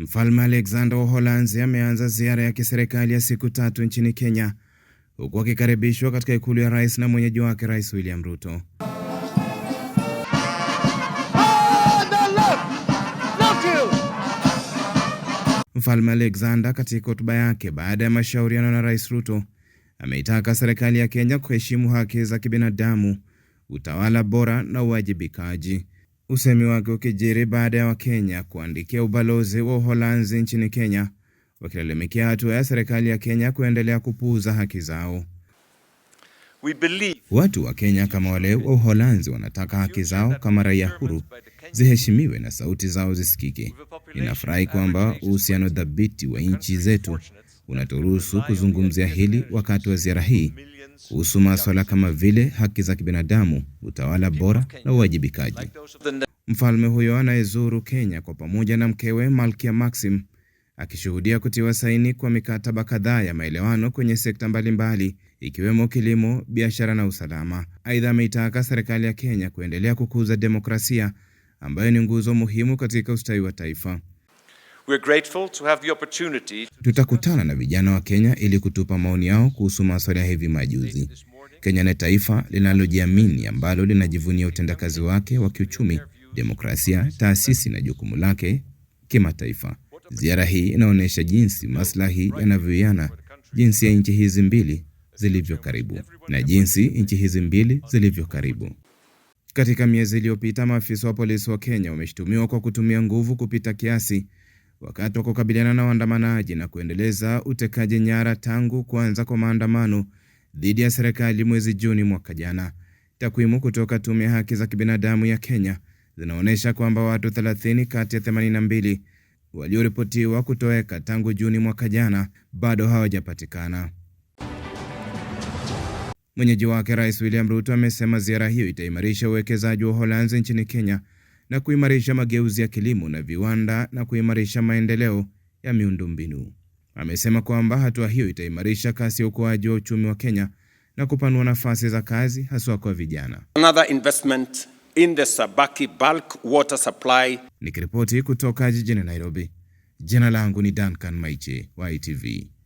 Mfalme Alexander wa Uholanzi ameanza ziara ya kiserikali ya siku tatu nchini Kenya, huku akikaribishwa katika ikulu ya rais na mwenyeji wake Rais William Ruto. Mfalme Alexander katika hotuba yake baada ya mashauriano na Rais Ruto ameitaka serikali ya Kenya kuheshimu haki za kibinadamu, utawala bora na uwajibikaji. Usemi wake ukijiri baada ya Wakenya kuandikia ubalozi wa Uholanzi nchini Kenya wakilalamikia hatua ya serikali ya Kenya kuendelea kupuuza haki zao. We believe... watu wa Kenya kama wale wa Uholanzi wanataka haki zao kama raia huru ziheshimiwe na sauti zao zisikike. Ninafurahi kwamba uhusiano dhabiti wa nchi zetu unaturuhusu kuzungumzia hili wakati wa ziara hii kuhusu masuala kama vile haki za kibinadamu, utawala bora na uwajibikaji. Mfalme huyo anayezuru Kenya kwa pamoja na mkewe Malkia Maxim akishuhudia kutiwa saini kwa mikataba kadhaa ya maelewano kwenye sekta mbalimbali ikiwemo kilimo, biashara na usalama. Aidha, ameitaka serikali ya Kenya kuendelea kukuza demokrasia ambayo ni nguzo muhimu katika ustawi wa taifa. Tutakutana na vijana wa Kenya ili kutupa maoni yao kuhusu maswala ya hivi majuzi. Kenya ni taifa linalojiamini ambalo linajivunia utendakazi wake wa kiuchumi, demokrasia, taasisi na jukumu lake kimataifa. Ziara hii inaonyesha jinsi maslahi yanavyoiana, jinsi ya nchi hizi mbili zilivyo karibu na jinsi nchi hizi mbili zilivyo karibu. Katika miezi iliyopita, maafisa wa polisi wa Kenya wameshutumiwa kwa kutumia nguvu kupita kiasi wakati wa kukabiliana na waandamanaji na kuendeleza utekaji nyara tangu kuanza kwa maandamano dhidi ya serikali mwezi Juni mwaka jana. Takwimu kutoka Tume ya Haki za Kibinadamu ya Kenya zinaonyesha kwamba watu 30 kati ya 82 walioripotiwa kutoweka tangu Juni mwaka jana bado hawajapatikana. Mwenyeji wake Rais William Ruto amesema ziara hiyo itaimarisha uwekezaji wa Uholanzi nchini Kenya na kuimarisha mageuzi ya kilimo na viwanda na kuimarisha maendeleo ya miundombinu. Amesema kwamba hatua hiyo itaimarisha kasi ya ukuaji wa uchumi wa Kenya na kupanua nafasi za kazi haswa kwa vijana. Another investment in the Sabaki bulk water supply. Nikiripoti kutoka jijini Nairobi, jina langu ni Duncan Maiche wa ITV.